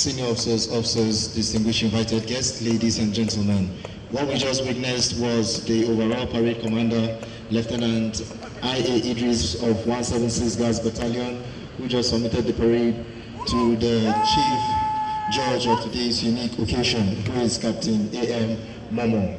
senior officers, officers, distinguished invited guests, ladies and gentlemen. What we just witnessed was the overall parade commander, Lieutenant I.A. Idris of 176 Guards Battalion, who just submitted the parade to the chief judge of today's unique occasion, who is Captain A.M. Momo.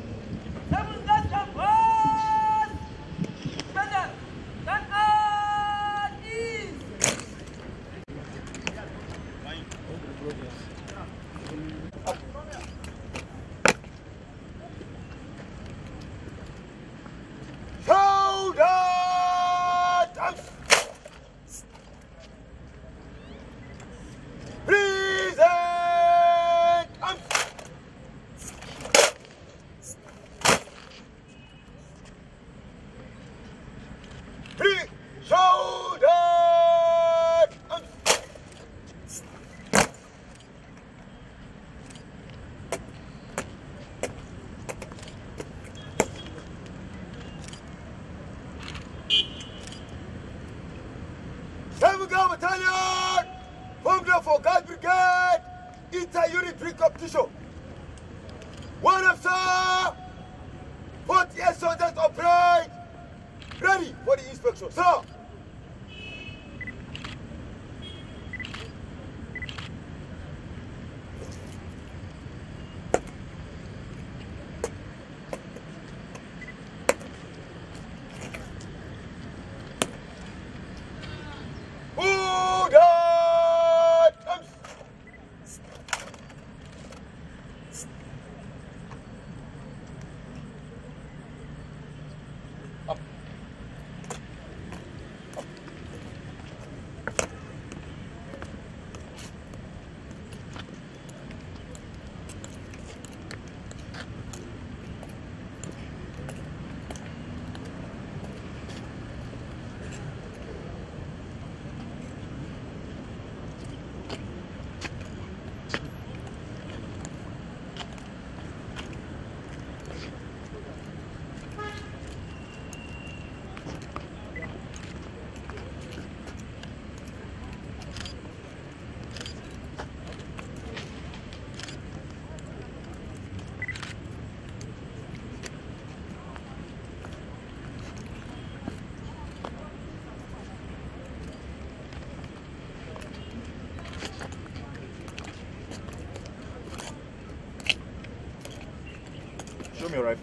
Romeo, right?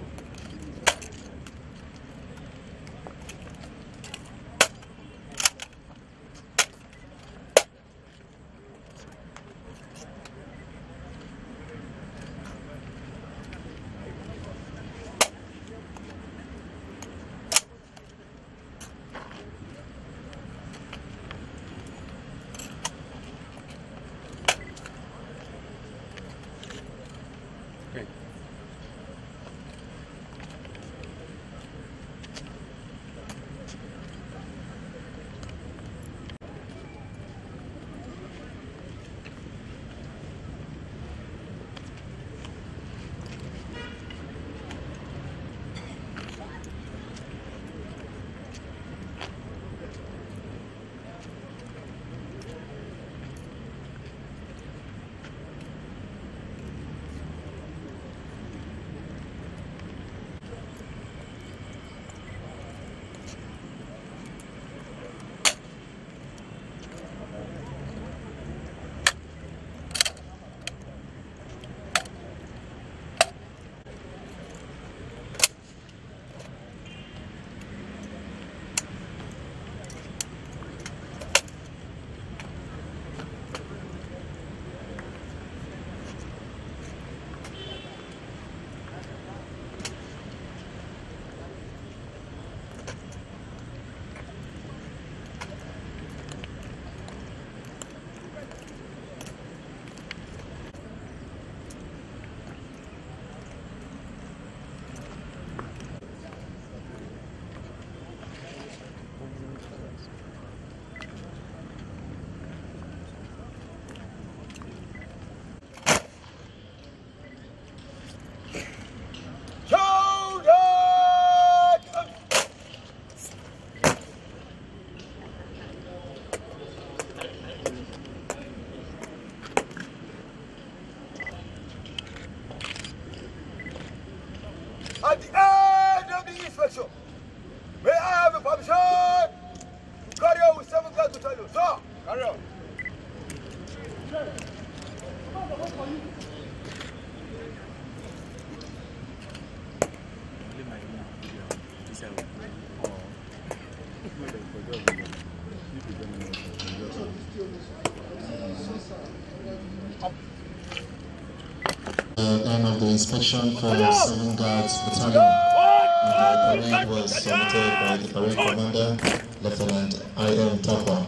inspection for 7 Guards Battalion. the parade was submitted by the parade commander, Lieutenant I.M. Tapa.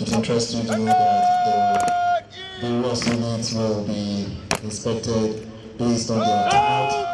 It interests to know that the various units will be inspected based on their turnout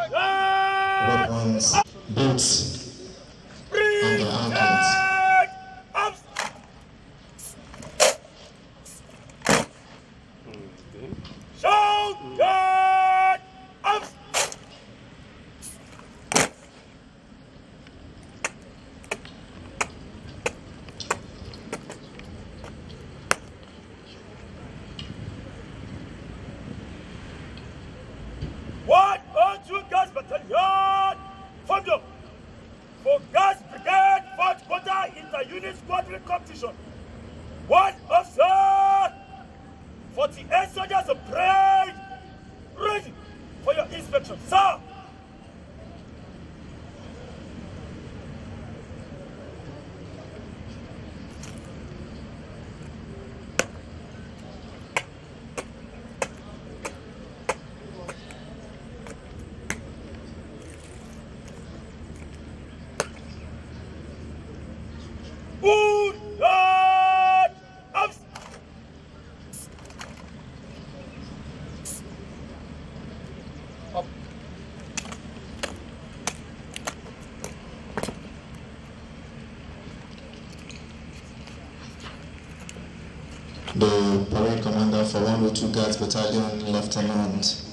One officer, 48 soldiers of praise, ready for your inspection. Sir, the parade commander for 102 Guards Battalion, Lieutenant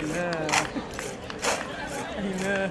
Aynen. Aynen.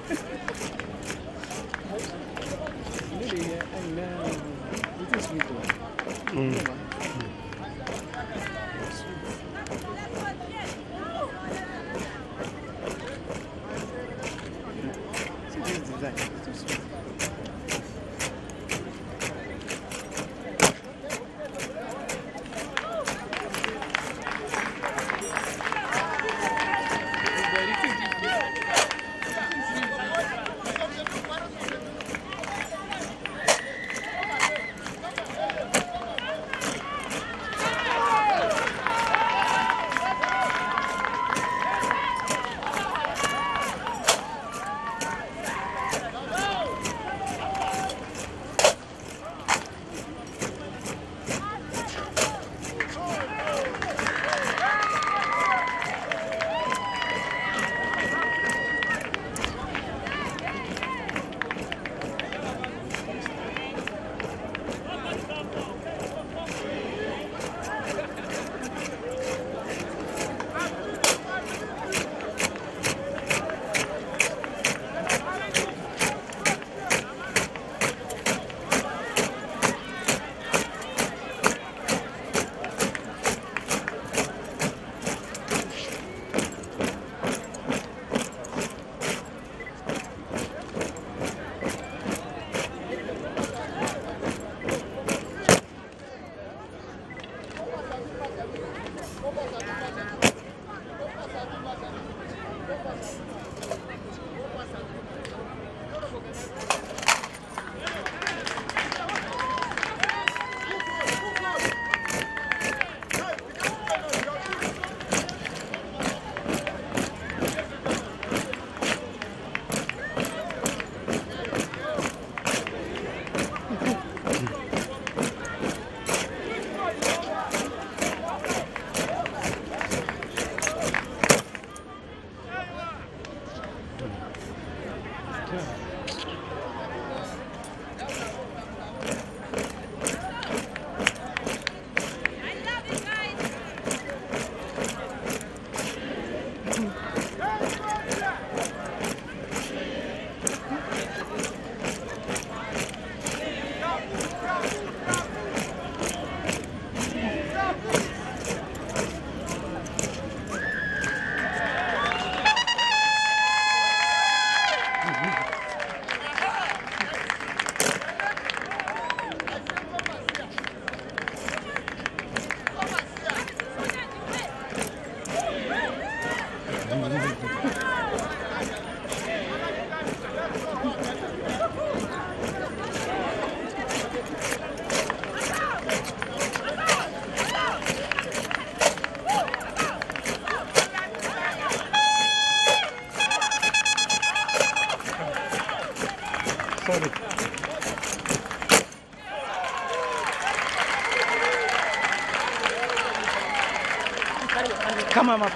まあまあ、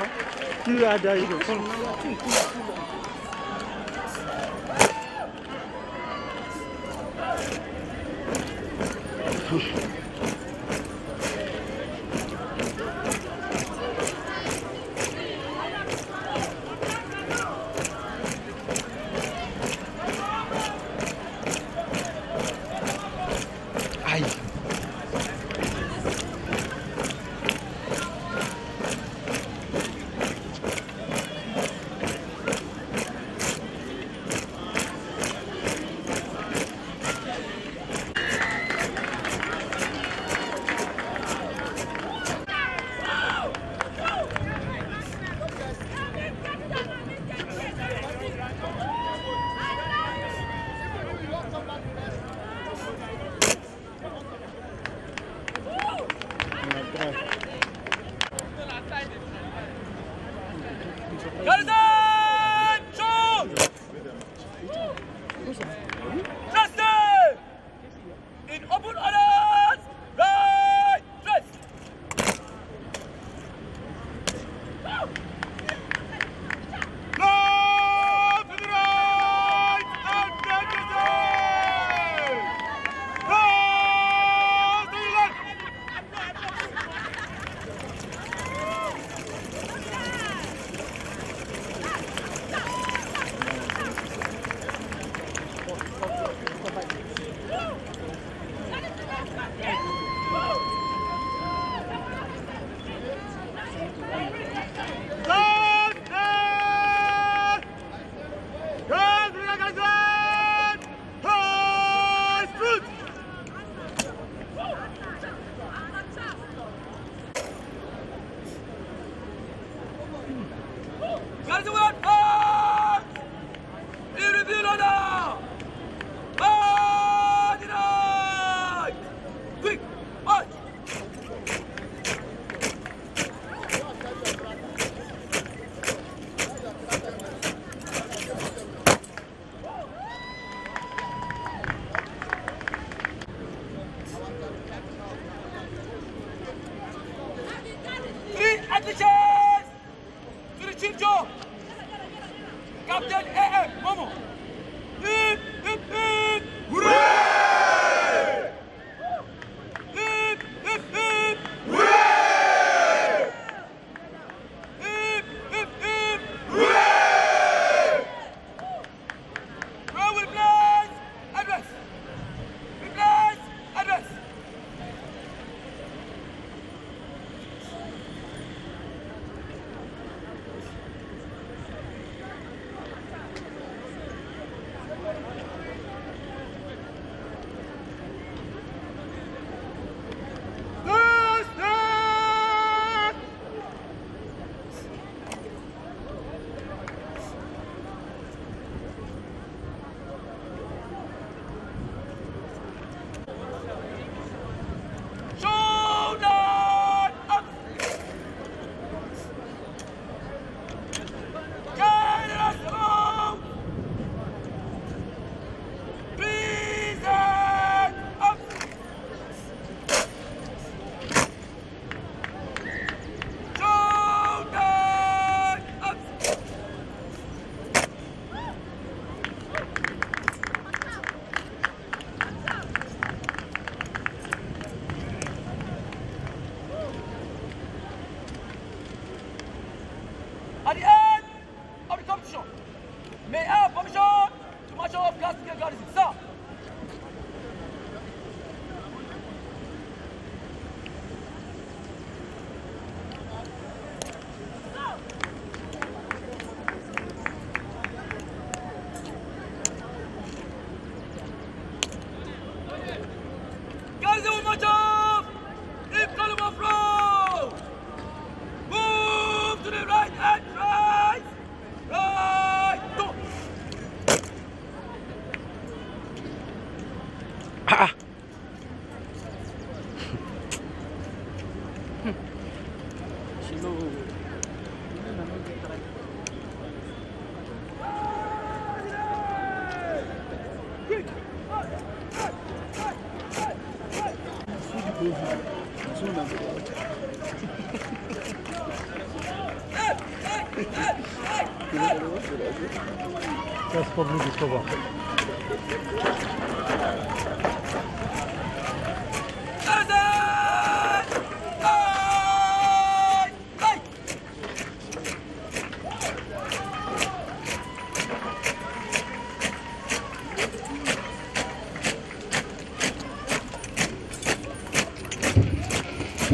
普通は大丈夫。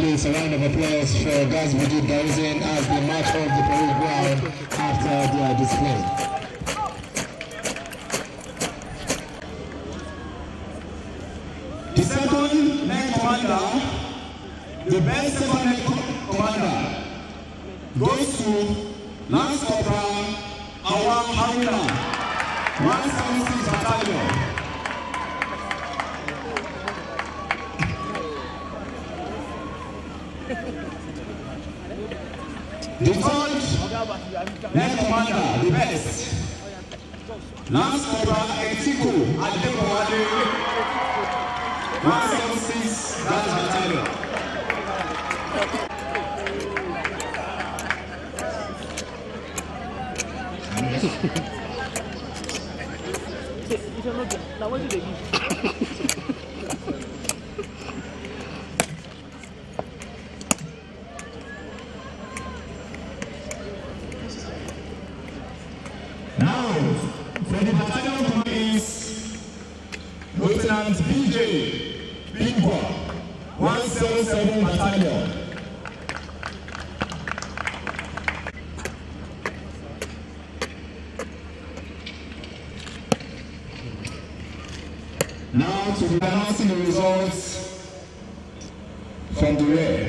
please, a round of applause for Gazbudi Dawson as they march off the parade ground after their display. The second main commander, the best second to be announcing the results from the rear.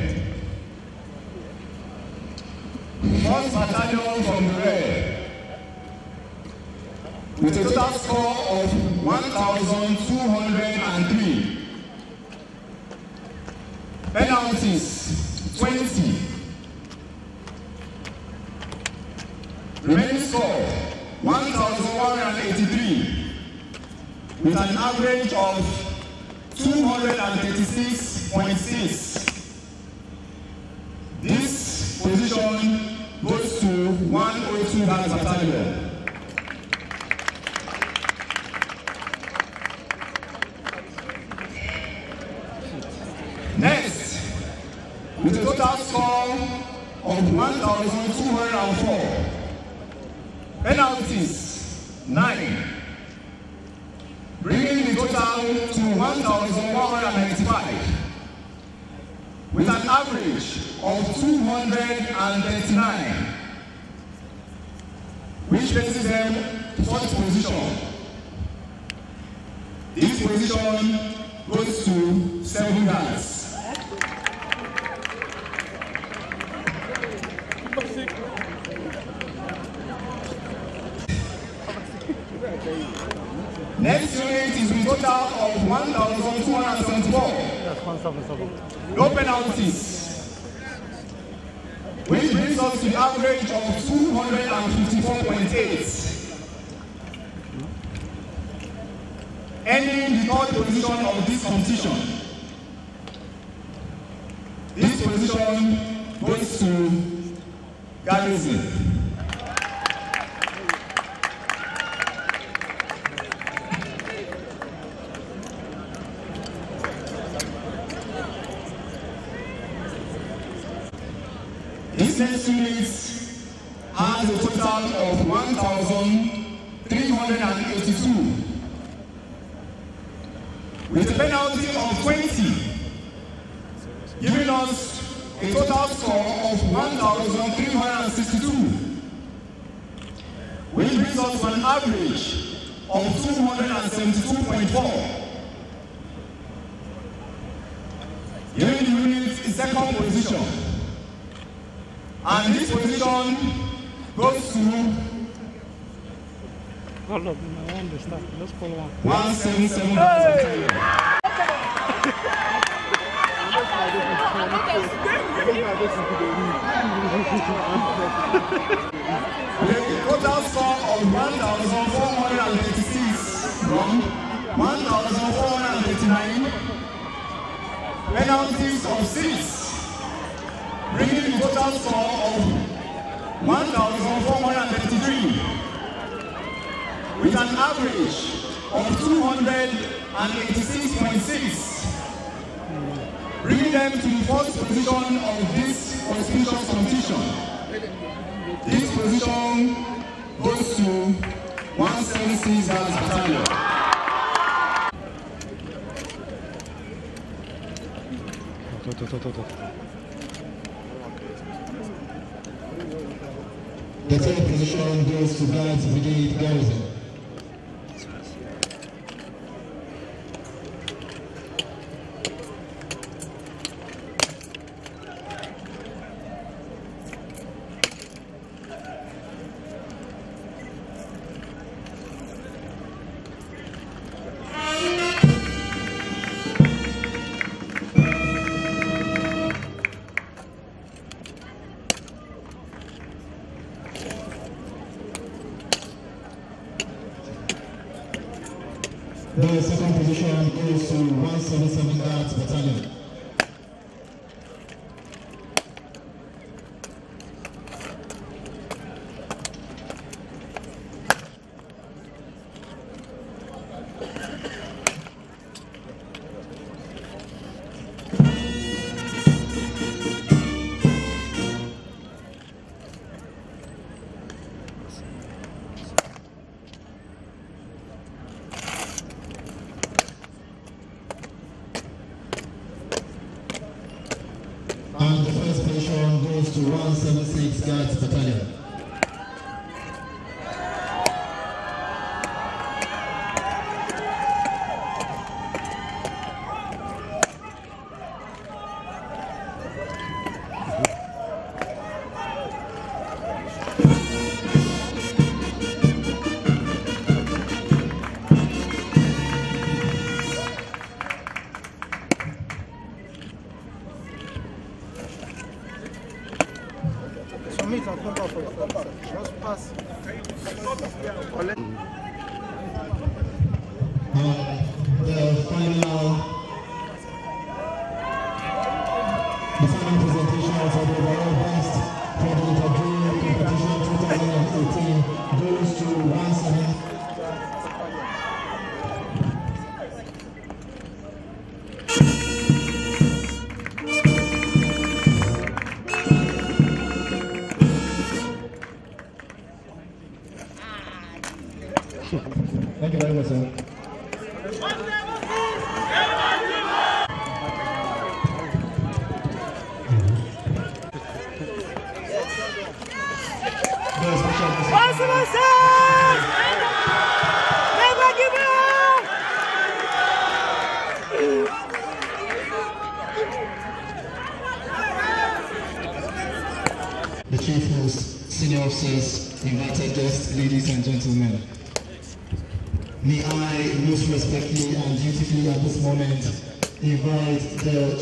one thousand two hundred and seventy-four. No penalties. Which brings us to the average of 254.8. Ending the third position of this competition. seven seven. the total sum of 1,486 from penalties of 6 bringing the total sum of 1,433 with an average of 286.6, bringing them to the first position of this auspicious competition. This position goes to 176 Guards Battalion. The third position goes to Guards Brigade Garrison. position goes to 177 Guards Battalion.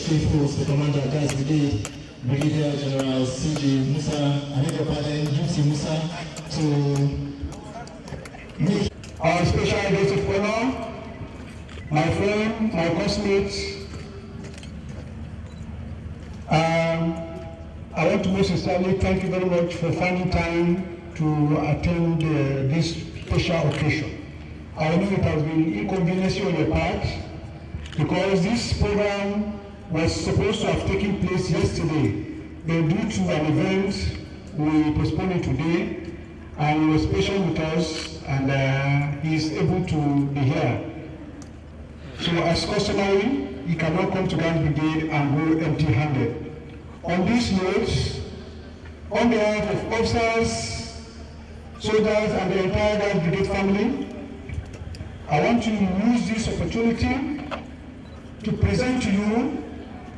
Chief Host, the Commander. us and uh, he is able to be here. So as customary, he cannot come to Grand Brigade and go empty-handed. On this note, on behalf of officers, soldiers and the entire Grand Brigade family, I want to use this opportunity to present to you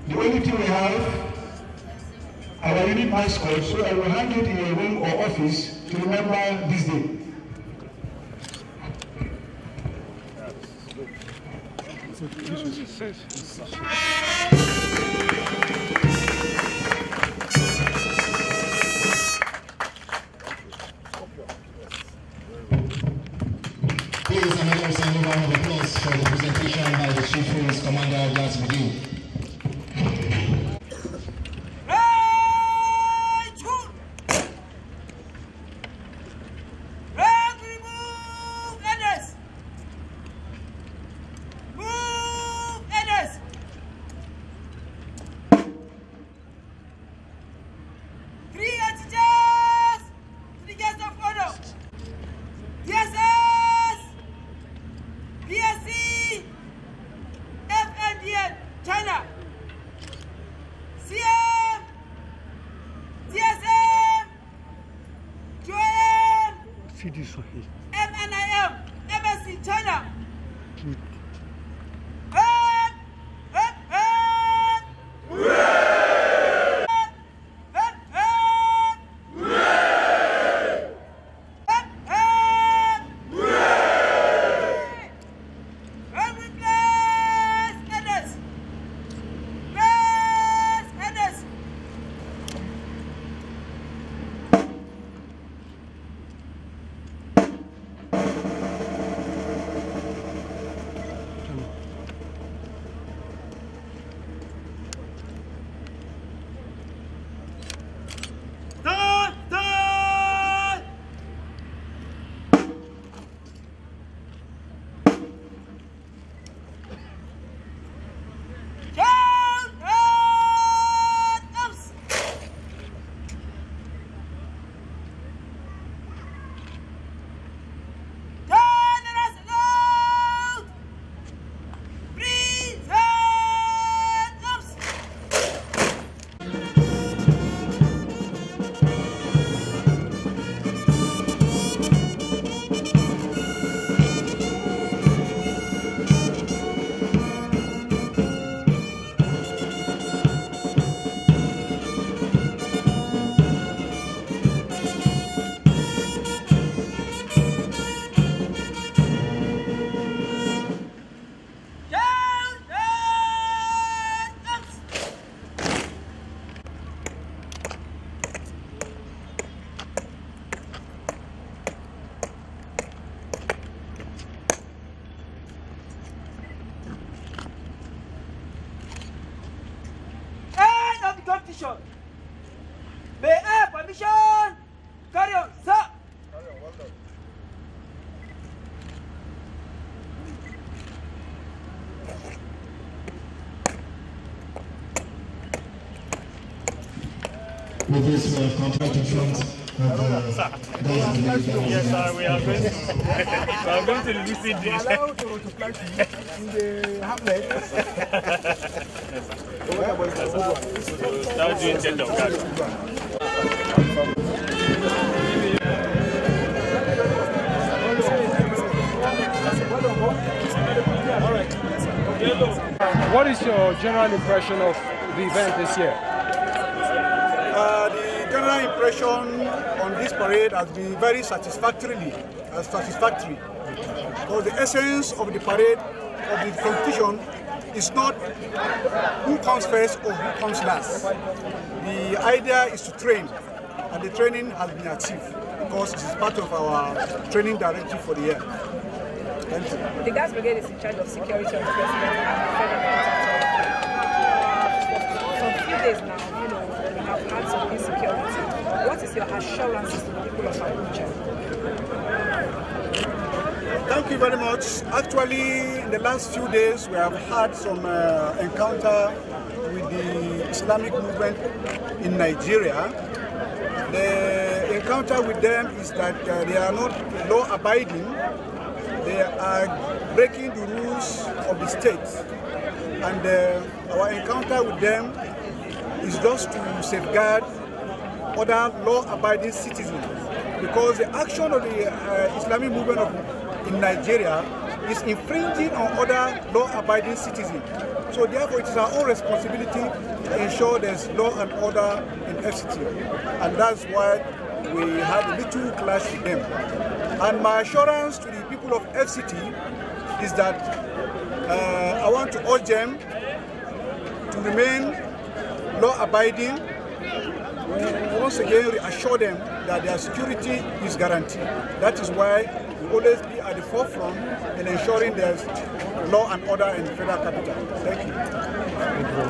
the only thing we have, our high mascot, so I will hand it in a room or office to remember this day. Please, another round of applause for the presentation by the Chief Police Commander of Las tshidiso e emana eo e be se itshwenya this front of uh, uh Yes, sir, we are going to, we are going to visit this. to, in the What is your general impression of the event this year? general impression on this parade has been very satisfactorily, uh, satisfactory. Because the essence of the parade, of the competition, is not who comes first or who comes last. The idea is to train, and the training has been achieved because it is part of our training directive for the year. Thank you. The gas brigade is in charge of security of the president. For a few days now, Thank you very much. Actually, in the last few days, we have had some uh, encounter with the Islamic movement in Nigeria. The encounter with them is that uh, they are not law-abiding. They are breaking the rules of the state. And uh, our encounter with them is just to safeguard other law-abiding citizens because the action of the uh, Islamic movement of, in Nigeria is infringing on other law-abiding citizens. So therefore, it is our own responsibility to ensure there's law and order in FCT. And that's why we had a little clash with them. And my assurance to the people of FCT is that uh, I want to urge them to remain law-abiding we once again reassure them that their security is guaranteed. That is why we always be at the forefront in ensuring there's law and order in federal capital. Thank you.